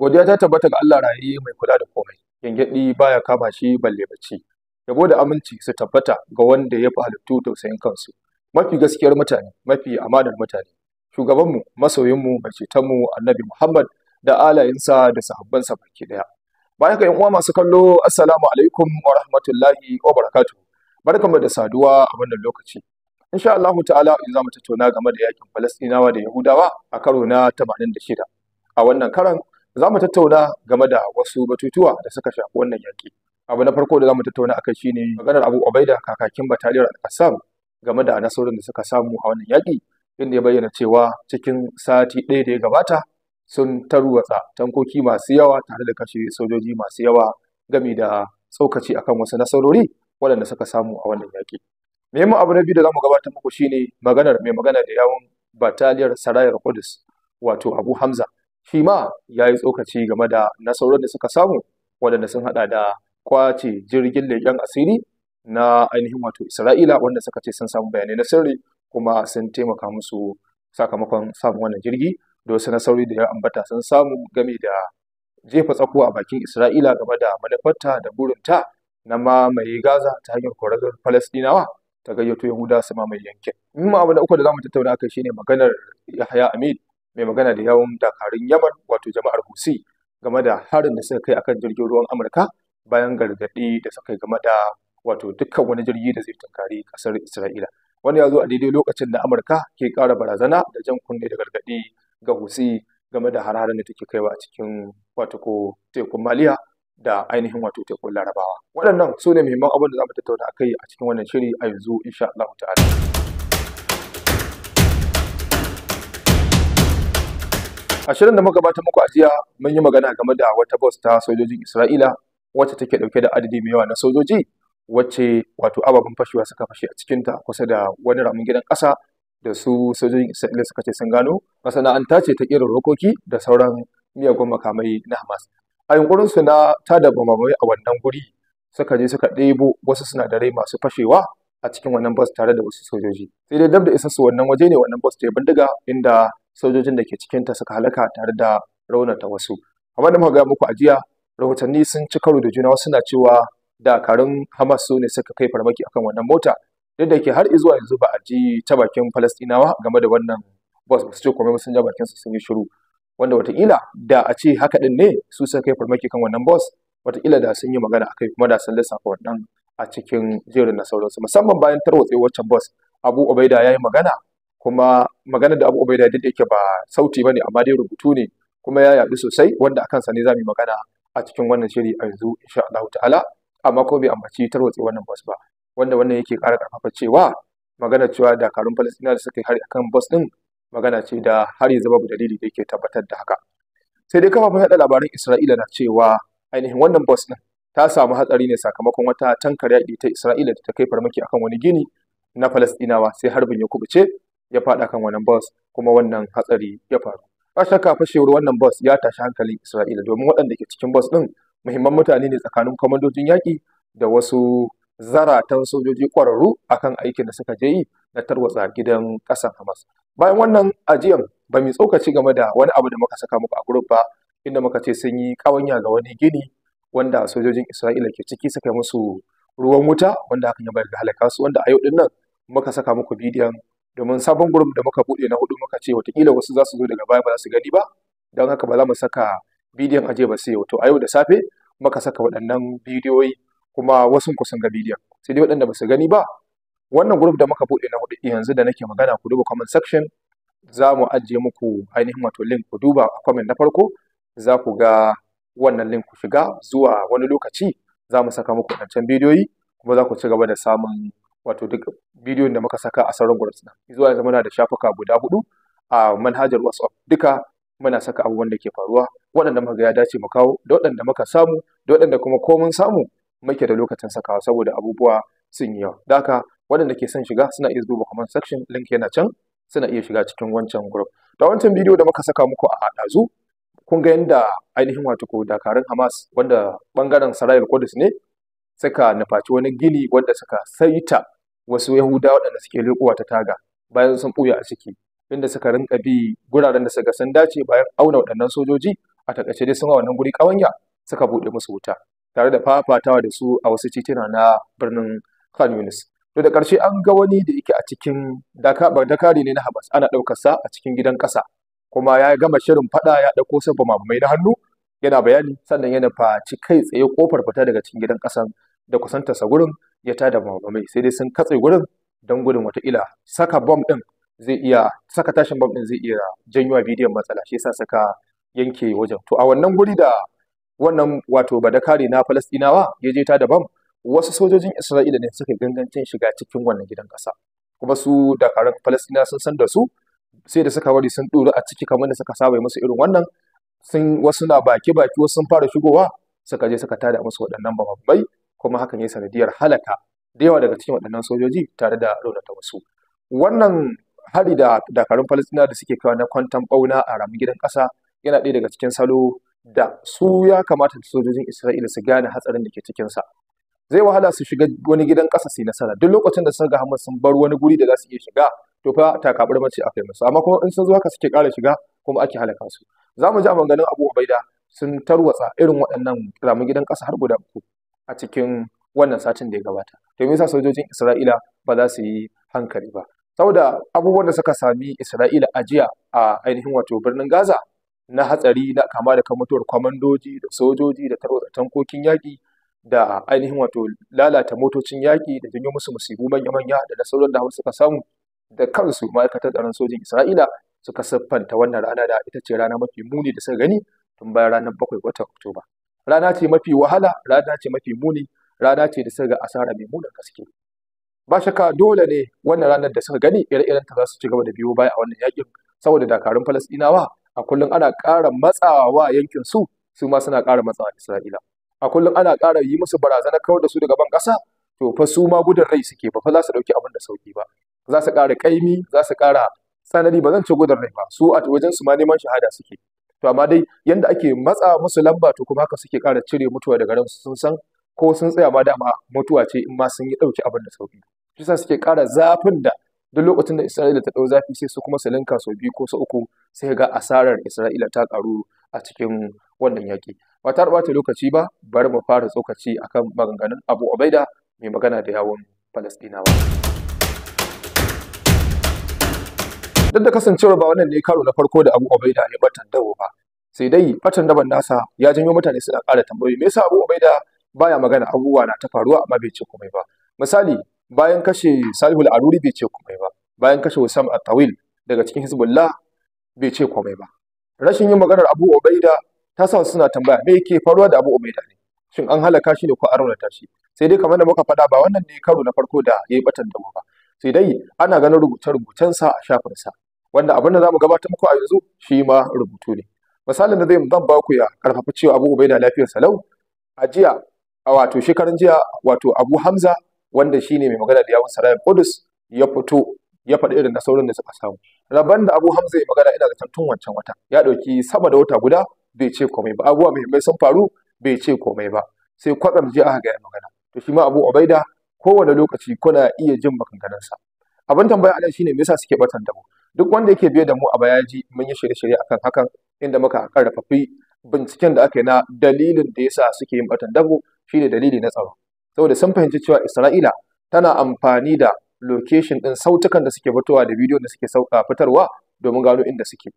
godiya ta tabbata ga Allah rayi mai kula da komai gyangyaɗi baya kama shi balle bacci yabo da aminci su tabbata ga wanda ya fi halittu tausayin kansu mafi gaskiyar mutane mafi amanar mutane shugabanmu masoyinmu mai cetonmu annabi muhammad da alayinsa da sahabbansa baki daya bayan ga yan uwa masu kallo assalamu alaikum wa rahmatullahi wa barakatuh barkamu da saduwa a wannan lokaci insha Allah ta'ala in za mu tattauna game da yakin Falastinawa da Yahudawa a karo na 86 a wannan karan za mu tattauna game da wasu batutuwa da suka shafi wannan yaƙi abu na farko da za mu tattauna akai shine maganar abu ubaida kakakin bataliyar al-qassam game da nasarorin da suka samu a wannan yaƙi inda ya bayyana cewa cikin sati ɗaya da ya gabata sun tarwatsa tankoki masu yawa tare da kashe sojoji masu yawa game da tsokaci akan wasu nasarori waɗanda suka samu a wannan yaƙi. Muhimmin abu na biyu da za mu gabatar muku shine maganar mai magana da yawon bataliyar sarayar Kudus wato Abu Hamza shi ma ya yi tsokaci game da nasarar da suka samu waɗanda sun haɗa da kwace jirgin leƙen asiri na ainihin wato isra'ila wanda suka ce sun samu bayanai na sirri kuma sun taimaka musu sakamakon samun wannan jirgi da wasu nasarori da ya ambata sun samu game da jefa tsako a bakin isra'ila game da manufarta da burinta na mamaye gaza ta hanyar kwararren falastinawa ta gayyato yahuda su mai yankin Mun ma abu na uku da za mu tattauna kai shine maganar yahaya amid mai magana da yawon dakarun yaman wato jama'ar husi game da harin da suka kai akan jirgin ruwan amurka bayan gargaɗi da suka game da wato dukkan wani jirgi da zai tunkari ƙasar isra'ila wani ya zo a daidai lokacin da amurka ke ƙara barazana da jan kunne da gargaɗi ga husi game da hararen da take kaiwa a cikin wato ko tekun maliya da ainihin wato tekun larabawa waɗannan su ne muhimman abin da za mu tattauna a kai a cikin wannan shiri a yanzu insha Allah ta'ala ashirin da muka bata muku a jiya mun yi magana game da wata bus ta sojojin Isra'ila wacce take dauke da adadi mai yawa na sojoji wacce wato ababen fashewa suka fashe a cikin ta kusa da wani ramin gidan ƙasa da su sojojin Isra'ila suka ce sun gano masana'anta ce ta irin rokoki da sauran miyagun makamai na Hamas a yunkurin su na tada bamamai a wannan guri suka je suka ɗebo wasu sinadarai masu fashewa a cikin wannan bus tare da wasu sojoji sai dai dab da isa su wannan waje ne wannan bus ta bindiga inda sojojin da ke cikin ta suka halaka tare da raunata wasu kamar da muka ga muku a jiya rahotanni sun ci karo da juna wasu na cewa dakarun hamas su ne suka kai farmaki akan wannan mota duk da ke har izuwa yanzu ba a ji ta bakin falastinawa game da wannan bus ba su ce komai sun ja bakin su sun yi shiru wanda watakila da a ce haka din ne su suka kai farmaki kan wannan bus watakila da sun yi magana akai kuma da sun lissafa wannan a cikin jerin na sauransu musamman bayan tarwatse waccan bus Abu Ubaida ya yi magana kuma magana da Abu Ubaida da yake ba sauti ne, amma dai rubutu ne kuma ya yaɗu sosai wanda akan sa ne za mu yi magana a cikin wannan shiri a yanzu insha Allah ta'ala amma ko bai ambaci tarwatse wannan bus ba wanda wannan yake ƙara ƙarfafa cewa magana cewa dakarun Falasɗinawa da suka yi hari akan bus din magana ce da har yanzu babu dalili da yake tabbatar da haka sai dai kafafen yaɗa labaran Isra'ila na cewa ainihin wannan bus din ta samu hatsari ne sakamakon wata tankar yaƙi ta Isra'ila da ta kai farmaki akan wani gini na Falastinawa sai harbin ya kubuce ya faɗa kan wannan bus kuma wannan hatsari ya faru. Ba shakka fashewar wannan bus ya tashi hankalin Isra'ila domin waɗanda ke cikin bus ɗin muhimman mutane ne tsakanin kwamandojin yaƙi da wasu zaratan sojoji ƙwararru akan aikin da suka je yi na tarwatsa gidan ƙasar Hamas. Bayan wannan ajiyan ba mu tsokaci game da wani abu da muka saka muku a group ba inda muka ce sun yi ƙawanya ga wani gini wanda sojojin Isra'ila ke ciki suka musu ruwan wuta wanda hakan ya bayar da halaka su wanda a yau din nan muka saka muku bidiyon domin sabon gurum da muka bude na hudu muka ce watakila wasu za su zo daga baya ba za su gani ba don haka ba za mu saka bidiyon aje ba sai wato a yau da safe muka saka waɗannan bidiyoyi kuma wasu ku sun ga bidiyon sai dai waɗanda ba su gani ba wannan guruf da muka bude na hudu yanzu da nake magana ku duba comment section za mu ajiye muku ainihin wato link ku duba a comment na farko za ku ga wannan link ku shiga zuwa wani lokaci za mu saka muku wadancan bidiyoyi kuma za ku ci gaba da samun wato duk bidiyon da muka saka a sauran groups din zuwa yanzu muna da shafuka guda hudu a manhajar WhatsApp duka muna saka abubuwan da ke faruwa waɗanda muka ga ya dace mu kawo da waɗanda muka samu da waɗanda kuma ko mun samu muke da lokacin sakawa saboda abubuwa sun yi yawa da haka waɗanda ke son shiga suna iya zuba comment section link yana can suna iya shiga cikin wancan group da wancan bidiyo da muka saka muku a dazu kun ga yadda ainihin wato ko dakarun Hamas wanda bangaren Sarayar kudus ne suka nufaci wani gini wanda suka saita wasu Yahuda waɗanda suke riƙowa ta taga bayan sun ɓuya a ciki inda suka rinka bi guraren da suka san dace bayan auna waɗannan sojoji a takaice dai sun wannan guri ƙawanya suka buɗe musu wuta tare da fafatawa da su a wasu titina na birnin Khan Yunis. To da ƙarshe an ga wani da yake a cikin dakari ne na Hamas ana ɗaukar sa a cikin gidan ƙasa kuma ya gama shirin fada ya dauko sabba mai na hannu yana bayani sannan yana ci kai tsaye kofar fita daga cikin gidan kasan da sa gurin ya tada mai sai dai sun katse gurin don gudun wataƙila saka bom din zai iya saka tashin bom din zai iya janyo a bidiyon matsala shi yasa saka yanke wajen to a wannan guri da wannan wato badakari na falastinawa ya je ta da wasu sojojin isra'ila ne suka gangancin shiga cikin wannan gidan kasa kuma su dakarun Falasɗina sun san da su sai da suka bari sun ɗuri a ciki kamar da suka saba musu irin wannan sun wasu na baki baki wasu sun fara shigowa suka je suka tada musu waɗannan bababbai kuma hakan ya sanadiyar halaka da yawa daga cikin waɗannan sojoji tare da raunata wasu wannan hari da dakarun falastina da suke kawo na kwantan ɓauna a ramin gidan ƙasa yana ɗaya daga cikin salo da su ya kamata sojojin isra'ila su gane hatsarin da ke cikinsa zai wahala su shiga wani gidan ƙasa sai nasara duk lokacin da suka ga Hamas sun bar wani guri da za su iya shiga to fa takabar mace kai musu amma kuma in sun zo haka suke ƙara shiga kuma ake halaka su za mu ji a maganin Abu Ubaida sun tarwatsa irin waɗannan ramin gidan ƙasa har guda uku a cikin wannan satin da ya gabata to me yasa sojojin Isra'ila ba za su yi hankali ba saboda abubuwan da suka sami Isra'ila a jiya a ainihin wato birnin Gaza na hatsari na kama da kan kwamandoji da sojoji da tarwatsa tankokin yaki. da ainihin wato lalata motocin yaƙi da janyo musu musibu manya-manya da na sauran da suka samu da kansu ma'aikatar tsaron sojin Isra'ila suka siffanta wannan rana da ita ce rana mafi muni da suka gani tun bayan ranar bakwai watan Oktoba. Rana ce mafi wahala, rana ce mafi muni, rana ce da suka ga asara mai munin gaske. Ba shakka dole ne wannan ranar da suka gani ire-iren ta za su ci gaba da biyo baya a wannan yaƙin. saboda dakarun Falasɗinawa a kullum ana ƙara matsawa yankin su su ma suna ƙara matsawa Isra'ila. a kullum ana ƙara yi musu barazana kawar da su daga ban ƙasa to fa su ma gudun rai suke ba fa za su ɗauki abin da sauki ba za su ƙara ƙaimi za su ƙara tsanani ba zan ci gudun rai ba su a wajen su ma neman shahada suke to amma dai yanda ake matsa musu lamba to kuma haka suke ƙara cire mutuwa daga ran sun san ko sun tsaya ma dama mutuwa ce in ma sun yi ɗauki abin da sauki shi sa suke ƙara zafin da duk lokacin da Isra'ila ta ɗau zafi sai su kuma su linka sau biyu ko sau uku sai ga asarar Isra'ila ta ƙaru a cikin wannan yaƙi ba ta ɓata lokaci ba bari mu fara tsokaci akan maganganun Abu obaida mai magana da yawon Falastinawa duk da kasancewar ba wannan ne karo na farko da Abu Ubaida ya bata dawo ba sai dai fatan daban nasa ya janyo mutane suna ƙara tambayoyi me yasa Abu obaida baya magana abubuwa na ta faruwa amma bai ce komai ba misali bayan kashe Salihul Aruri bai ce komai ba bayan kashe wasam At-Tawil daga cikin Hizbullah bai ce komai ba rashin yin maganar Abu obaida ta sa suna tambaya me yake faruwa da Abu Ubaida ne shin an halaka shi ne ko an raunata shi sai dai kamar da muka faɗa ba wannan ne karo na farko da yayi batan da ba sai dai ana ganin rubuce-rubucen sa a shafin sa wanda abin da zamu gabatar muku a yanzu shi ma rubutu ne misalin da zai zan ba ku ya karfafa cewa Abu Ubaida lafiyar salau a jiya a wato shekarun jiya wato Abu Hamza wanda shine mai magana da yawun Sarayin Qudus ya fito ya faɗi irin na da suka samu. Rabban da Abu Hamza ya magana ina da tantun wancan wata ya ɗauki sama da wata guda bai ce komai ba abubuwa muhimmai sun faru bai ce komai ba sai kwatsam je aka ga magana to shi ma Abu Ubaida kowane lokaci kuna iya jin sa abin tambaya a shine me yasa suke batan da mu duk wanda yake biye da mu a bayaji mun yi shirye-shirye akan hakan inda muka karfafi binciken da aka yi na dalilin da yasa suke yin batan dabo shine dalili na tsaro saboda sun fahimci cewa Isra'ila tana amfani da location din sautukan da suke fitowa da bidiyon da suke sauka fitarwa domin gano inda suke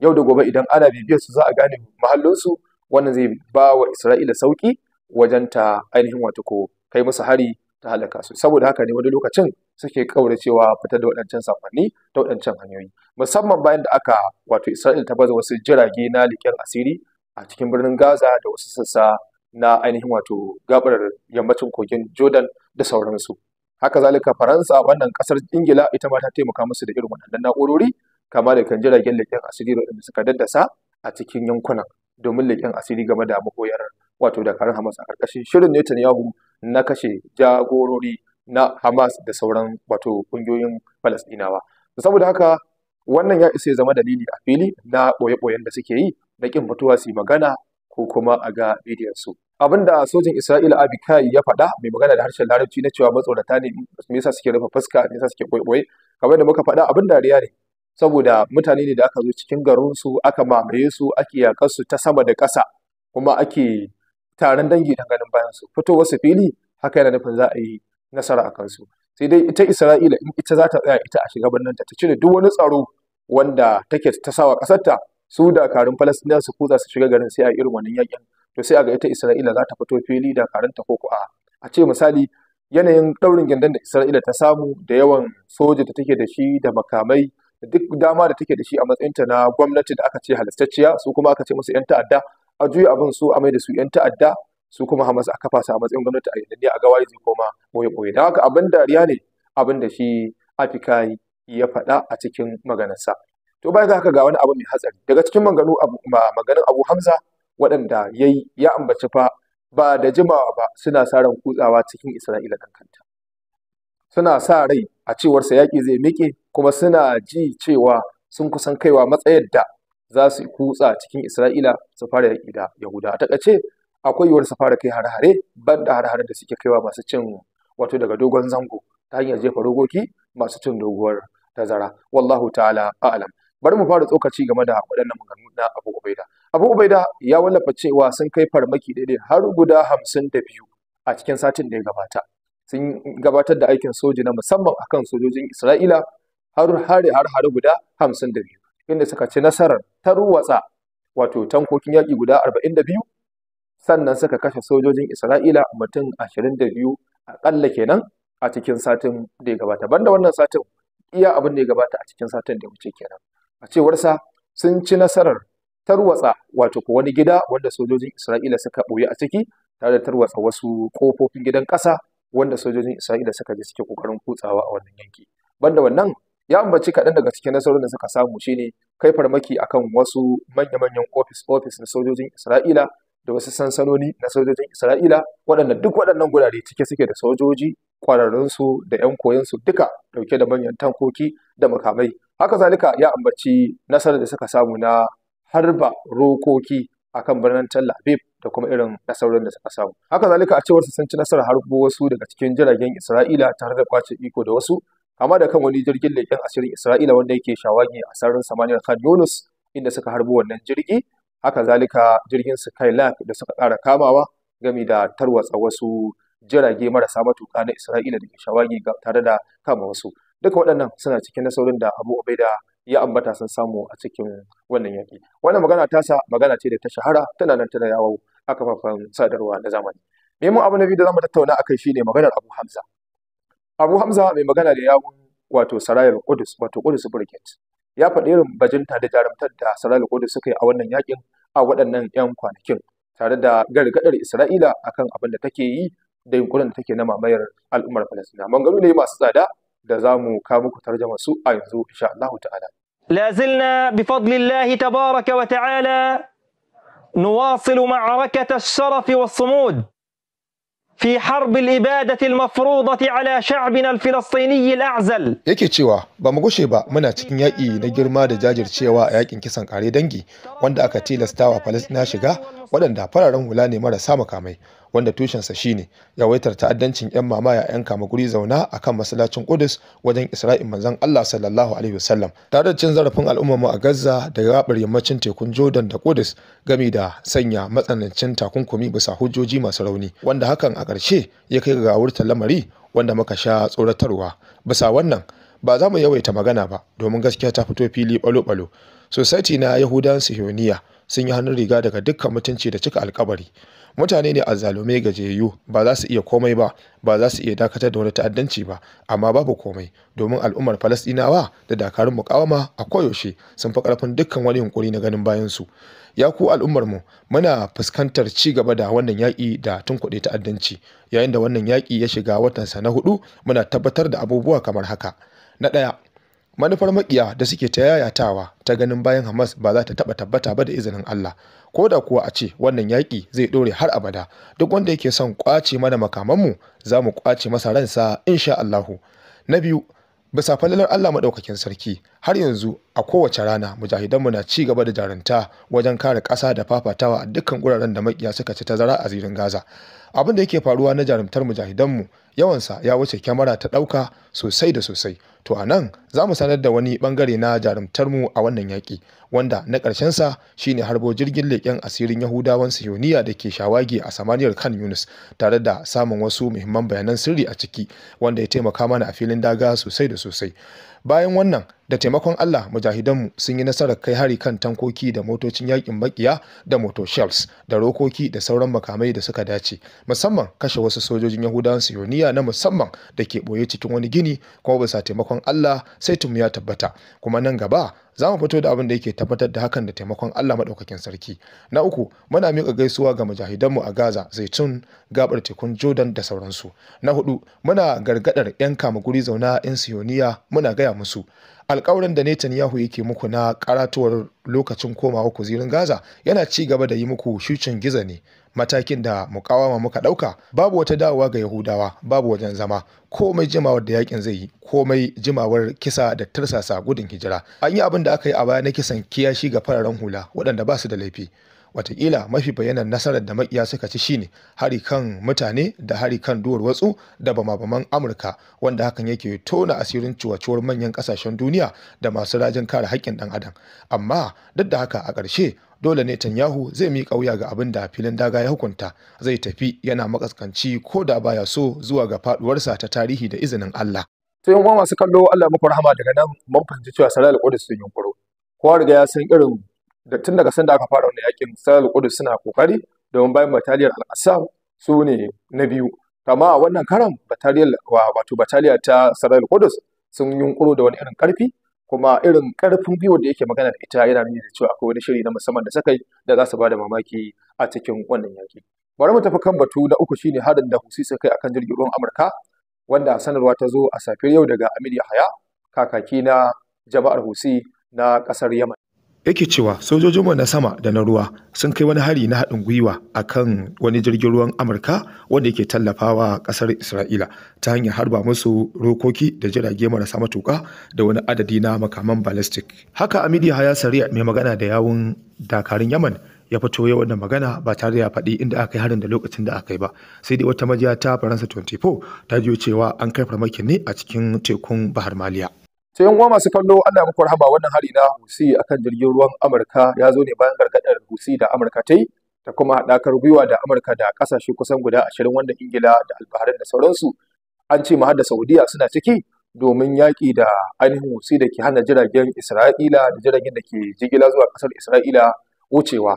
yau da gobe idan ana bibiyar su za a gane mahallinsu wannan zai ba wa isra'ila sauki wajen ta ainihin wata ko kai musu hari ta halaka su saboda haka ne wani lokacin suke cewa fitar da waɗancan safanni ta waɗancan hanyoyi musamman bayan da aka wato isra'ila ta baza wasu jirage na liƙen asiri a cikin birnin gaza da wasu sassa na ainihin wato gabar yammacin kogin jordan da sauransu haka zalika faransa wannan kasar ingila ita ma ta taimaka musu da irin waɗannan na'urori kama da kan jiragen leƙen asiri waɗanda suka daddasa a cikin yankunan domin leƙen asiri game da makoyar wato dakarun Hamas a ƙarƙashin shirin Netanyahu na kashe jagorori na Hamas da sauran wato ƙungiyoyin Falasɗinawa. Saboda haka wannan ya isa ya zama dalili a fili na ɓoye-ɓoyen da suke yi na ƙin fitowa su yi magana ko kuma a ga bidiyon su. Abin da sojin Isra'ila Abikai ya faɗa mai magana da harshen Larabci na cewa matsorata ne me yasa suke rufe fuska me yasa suke ɓoye-ɓoye kamar da muka faɗa abin dariya ne saboda mutane ne da aka zo cikin garinsu aka mamaye su ake yakarsu ta sama da ƙasa kuma ake taron dangi don ganin bayan bayansu fito wasu fili haka yana nufin za a yi nasara a kansu sai dai ita isra'ila in ita za ta tsaya ita a shiga birnin ta cire duk wani tsaro wanda take ta sawa ta, su dakarun falastiniya su kuza su shiga garin sai a irin wannan yakin to sai a ga ita isra'ila za ta fito fili dakarunta ko ku'a a ce misali yanayin ɗaurin gyandan da isra'ila ta samu da yawan soja da take da shi da makamai duk dama da take da shi a matsayin ta na gwamnati da aka ce halastacciya su kuma aka ce musu 'yan ta'adda a juya abin su a mai da su 'yan ta'adda su kuma Hamas a kafa su a matsayin gwamnati a yanzu a gawa zai koma boye-boye da haka abin dariya ne abin da shi Afika ya faɗa a cikin maganarsa. To bayan haka ga wani abu mai hatsari daga cikin maganu maganin Abu Hamza waɗanda ya ya ambaci fa ba da jimawa ba suna sa ran kutsawa cikin Isra'ila ɗan kanta. suna sa rai a cewar sa yaƙi zai miƙe kuma suna ji cewa sun kusan kaiwa matsayar da za su kutsa cikin Isra'ila su fara yaƙi da Yahuda. A takace akwai yiwuwar su fara kai hare-hare ban da hare-hare da suke kaiwa masu cin wato daga dogon zango ta hanyar jefa rogoki masu cin doguwar tazara. Wallahu ta'ala a'lam. Bari mu fara tsokaci game da waɗannan maganganu na Abu Ubaida. Abu Ubaida ya wallafa cewa sun kai farmaki daidai har guda hamsin da biyu a cikin satin da ya gabata. sun gabatar da aikin soji na musamman akan sojojin Isra'ila har hare har hare guda 52 inda suka ci nasarar tarwatsa wato tankokin yaƙi guda 42 sannan suka kashe sojojin Isra'ila mutum 22 aƙalla kenan a cikin satin da ya gabata banda wannan satin iya abin da ya gabata a cikin satin da ya wuce kenan a cewarsa sun ci nasarar tarwatsa wato ko wani gida wanda sojojin Isra'ila suka ɓoye a ciki tare da tarwatsa wasu ƙofofin gidan ƙasa wanda sojojin Isra'ila suka je suke kokarin kutsawa a wannan yanki banda wannan ya ambaci kaɗan daga cikin nasarorin da suka samu shine kai farmaki akan wasu manya-manyan ofis ofis na sojojin Isra'ila da wasu sansanoni na sojojin Isra'ila waɗanda duk waɗannan gurare cike suke da sojoji kwararrunsu da 'yan su duka ɗauke da manyan tankoki da makamai haka zalika ya ambaci nasarar da suka samu na harba rokoki akan birnin Tel Aviv da kuma irin nasarorin da suka samu haka zalika a cewar su sun ci nasarar harbo wasu daga cikin jiragen Isra'ila tare da kwace iko da wasu kama da kan wani jirgin leƙen asirin Isra'ila wanda yake shawagi a sararin samaniyar Khan Yunus inda suka harbo wannan jirgi haka zalika jirgin Skylab da suka ƙara kamawa gami da tarwatsa wasu jirage marasa matuƙa na Isra'ila da ke shawagi tare da kama wasu duka waɗannan suna cikin nasarorin da Abu Ubaida ya ambata sun samu a cikin wannan yaƙi wannan magana tasa magana ce da ta shahara tana nan tana yawo a kafafen sadarwa na zamani neman mm. abu na biyu da zamu tattauna akai shine maganar Abu Hamza Abu Hamza mai magana da yawun wato Sarayar Qudus wato Qudus ya faɗi irin bajinta da jarumtar da Sarayar Qudus suka yi a wannan yakin a waɗannan 'yan kwanakin tare da gargaɗar Isra'ila akan abin da take yi da yunkurin da take na mamayar al'ummar falasina mangaru ne masu tsada da za mu kawo muku tarjama su a yanzu insha Allah ta'ala la zilna bi fadlillahi tabaraka wa نواصل معركة الشرف والصمود في حرب الإبادة المفروضة على شعبنا الفلسطيني الأعزل يكي تشيوا بمغوشي با منا تكن يأي نجر ماد جاجر تشيوا يكي انكسان قاري دنجي وانداك تيلا ستاوا فلسطينا شغا waɗanda fararen hula ne marasa makamai wanda tushensa shine yawaitar ta'addancin 'yan mamaya 'yan kama guri zauna a kan masallacin Qudus wajen Isra'il manzon Allah sallallahu alaihi wasallam tare da cin zarafin al'ummarmu a Gaza da gabar yammacin tekun Jordan da Qudus gami da sanya matsanancin takunkumi bisa hujjoji masu rauni wanda hakan a ƙarshe ya kai ga wurta lamari wanda muka sha tsoratarwa bisa wannan ba za mu yawaita magana ba domin gaskiya ta fito fili balo-balo society na yahudan sihoniya sun yi hannun riga daga dukkan mutunci da cika alkabari mutane ne azzalume gajiyayyu ba za su iya komai ba ba za su iya dakatar da wani ta'addanci ba amma babu komai domin al'ummar falastinawa da dakarun mukawama a koyaushe sun fi karfin dukkan wani yunkuri na ganin bayan su ya ku al'ummar mu muna fuskantar ci gaba da wannan yaƙi da tun kuɗi ta'addanci yayin da wannan yaƙi ya shiga watansa na hudu muna tabbatar da abubuwa kamar haka na ɗaya manufar maƙiya da suke ta yayatawa ta ganin bayan hamas ba za ta taɓa tabbata ba da izinin allah ko da kuwa a ce wannan yaƙi zai ɗore har abada duk wanda yake son ƙwace mana makamanmu za mu ƙwace masa ransa insha allahu na biyu bisa falalar Allah maɗaukakin sarki har yanzu a kowace rana mujahidanmu na ci gaba da jarunta wajen kare ƙasa da fafatawa a dukkan wuraren da maƙiya suka ci tazara a zirin Gaza abin da yake faruwa na jarumtar mujahidanmu yawansa ya wuce kyamara ta ɗauka sosai da sosai to a nan za mu sanar da wani bangare na jarumtar mu a wannan yaƙi wanda na ƙarshensa shine harbo jirgin leƙen asirin yahudawan sihoniya da ke shawagi a samaniyar kan yunus tare da samun wasu muhimman bayanan sirri a ciki wanda ya taimaka mana a filin daga sosai da sosai bayan wannan da taimakon Allah mujahidanmu sun yi nasarar kai hari kan tankoki da motocin yakin makiya da moto shells da rokoki da sauran makamai da suka dace musamman kashe wasu sojojin yahudawan siyoniya na musamman da ke boye cikin wani gini kuma bisa taimakon Allah sai tumu ya tabbata kuma nan gaba za mu fito da abin da yake tabbatar da hakan da taimakon Allah maɗaukakin sarki. Na uku, muna mika gaisuwa ga mujahidanmu a Gaza, Zaitun, gabar tekun Jordan da sauransu. Na hudu, muna gargadar 'yan kama guri zauna 'yan Siyoniya muna gaya musu. alkawarin da Netanyahu yake muku na karatuwar lokacin komawa ku zirin Gaza yana ci gaba da yi muku shucin giza ne matakin da mukawama muka dauka babu wata dawowa ga Yahudawa babu wajen zama komai jimawar da yakin zai yi komai jimawar kisa da tarsasa gudun hijira an yi abin da aka yi a baya na kisan kiyashi ga fararen hula waɗanda ba su da laifi watakila mafi bayanan nasarar da makiya suka ci shine hari kan mutane da hari kan duwar watsu da bama-baman amurka wanda hakan yake tona asirin cuwacuwar manyan kasashen duniya da masu rajin kare haƙƙin ɗan adam amma duk da haka a ƙarshe dole ne tanyahu zai miƙa wuya ga abin da filin daga ya hukunta zai tafi yana makaskanci ko da baya so zuwa ga faduwarsa ta tarihi da izinin Allah. Sai yan masu kallo Allah muku rahama daga nan mun fahimci cewa sarai alƙudus sun yunkuro. Kowa riga ya san irin da tun daga sanda aka fara wannan yakin sarar kudus suna kokari domin bayan bataliyar al su ne na biyu Kama a wannan karan bataliyar wato bataliya ta sarar kudus sun yunkuro da wani irin karfi kuma irin karfin biyu da yake magana da ita yana nuni da cewa akwai wani shiri na musamman da sakai da za su ba da mamaki a cikin wannan yaki bari mu tafi kan batu na uku shine harin da husi suka kai akan jirgin ruwan amurka wanda sanarwa ta zo a safiyar yau daga amir yahaya kakaki na jama'ar husi na kasar yaman yake cewa sojojinmu na sama da na ruwa sun kai wani hari na haɗin gwiwa a kan wani jirgin ruwan amurka wanda yake tallafawa ƙasar isra'ila ta hanyar harba musu rokoki da jirage marasa matuƙa da wani adadi na makaman ballistic haka amidiya haya sariya mai magana da yawun dakarun yaman ya fito ya wannan magana ba tare da ya faɗi inda aka yi harin da lokacin da aka yi ba sai dai wata majiya ta faransa 24 ta biyo cewa an kai farmakin ne a cikin tekun bahar maliya to yan uwa masu kallo Allah muku rahama wannan hari na Husi akan jirgin ruwan Amurka ya zo ne bayan gargadar Husi da Amurka ta ta kuma haɗakar gwiwa da Amurka da ƙasashe kusan guda ashirin wanda Ingila da Albaharin da sauransu an ce ma da Saudiya suna ciki domin yaƙi da ainihin Husi da ke hana jiragen Isra'ila da jiragen da ke jigila zuwa ƙasar Isra'ila wucewa.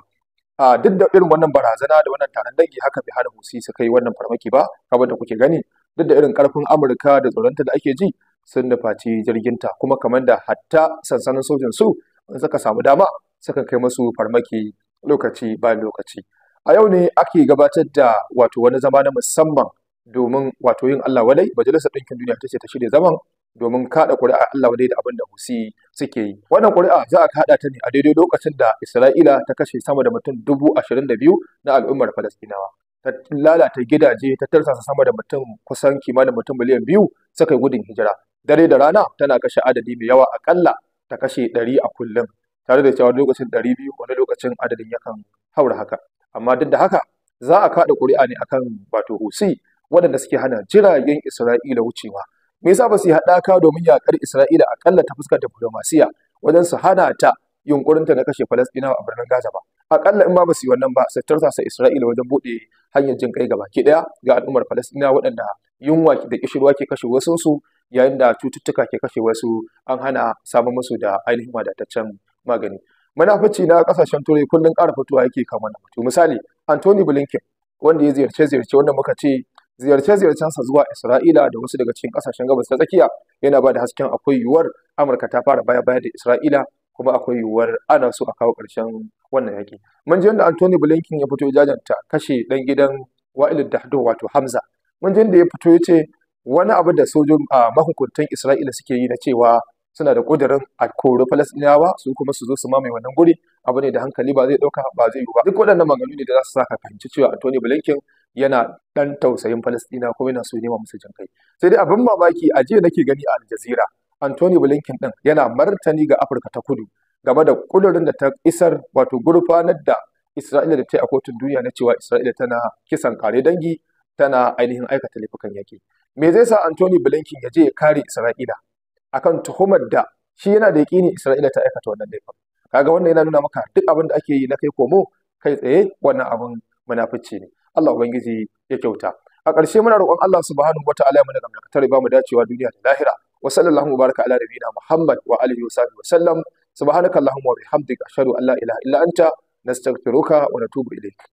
a duk da irin wannan barazana da wannan taron dangi haka bai hana Husi su kai wannan farmaki ba kamar da kuke gani duk da irin karfin Amurka da tsoronta da ake ji sun nufaci ta, kuma kamar da hatta sansanin sojin su in suka samu dama suka kai masu farmaki lokaci bayan lokaci a yau ne ake gabatar da wato wani zama na musamman domin wato yin Allah wadai majalisar ɗinkin duniya ta ce ta shirya zaman domin kaɗa ƙuri'a Allah wadai da abin da Husi suke yi. Wannan ƙuri'a za a kaɗa ta ne a daidai lokacin da Isra'ila ta kashe sama da mutum dubu ashirin da biyu na al'ummar Falastinawa. Ta lalata gidaje ta tarsasa sama da mutum kusan kimanin mutum miliyan biyu suka yi gudun hijira. dare da rana tana kashe adadi mai yawa akalla ta kashe ɗari a kullum tare da cewa lokacin ɗari biyu wani lokacin adadin yakan haura haka amma duk da haka za a kaɗa ƙuri'a ne akan wato husi waɗanda suke hana jiragen isra'ila wucewa me yasa ba su yi haɗaka domin yaƙar isra'ila akalla ta fuskar diflomasiya wajen su hana ta yunƙurinta na kashe falastinawa a birnin gaza ba akalla in ba ba su yi wannan ba su tarsasa isra'ila wajen buɗe hanyar jin kai gabaki ɗaya ga al'ummar falastinawa waɗanda yunwa da kishirwa ke kashe su yayin da cututtuka ke kashe wasu an hana samun musu da ainihin wadataccen magani manafaci na kasashen turai kullum ƙara fitowa yake kan na mutum. misali anthony blinken wanda ya ziyarce ziyarce wanda muka ce ziyarce ziyarcensa zuwa isra'ila da wasu daga cikin kasashen gabas ta tsakiya yana ba da hasken akwai yiwuwar amurka ta fara baya baya da isra'ila kuma akwai yiwuwar ana so a kawo ƙarshen wannan yaƙi mun ji yadda anthony blinken ya fito jajanta kashe ɗan gidan wa'ilid dahdo wato hamza mun ji da ya fito ya ce wani abu da sojin mahukuntan Isra'ila suke yi na cewa suna da ƙudurin a koro Falasɗinawa su kuma su zo su mamaye wannan guri abu ne da hankali ba zai ɗauka ba zai yi ba duk waɗannan maganganu ne da za su saka fahimci cewa Antony Blinken yana ɗan tausayin Falasɗina kuma yana so nema musu jin kai sai dai abin mamaki a jiya nake gani a aljazira Antony Blinken ɗin yana martani ga Afirka ta Kudu game da ƙudurin da ta isar wato gurfanar da Isra'ila da ta yi a kotun duniya na cewa Isra'ila tana kisan kare dangi tana ainihin aikata laifukan yaƙi me zai sa Anthony Blinken ya je ya kare Isra'ila akan tuhumar da shi yana da yaƙini Isra'ila ta aikata wannan laifin kaga wannan yana nuna maka duk abin da ake yi na kai komo kai tsaye wannan abin munafici ne Allah ubangiji ya kyauta a ƙarshe muna roƙon Allah subhanahu wataala ya mana gamdakatar ba mu dacewa duniya da lahira wa sallallahu mubaraka ala nabiyina Muhammad wa alihi wa sahbihi wa sallam subhanakallahumma wa bihamdika ashhadu an la ilaha illa anta nastaghfiruka wa natubu ilayk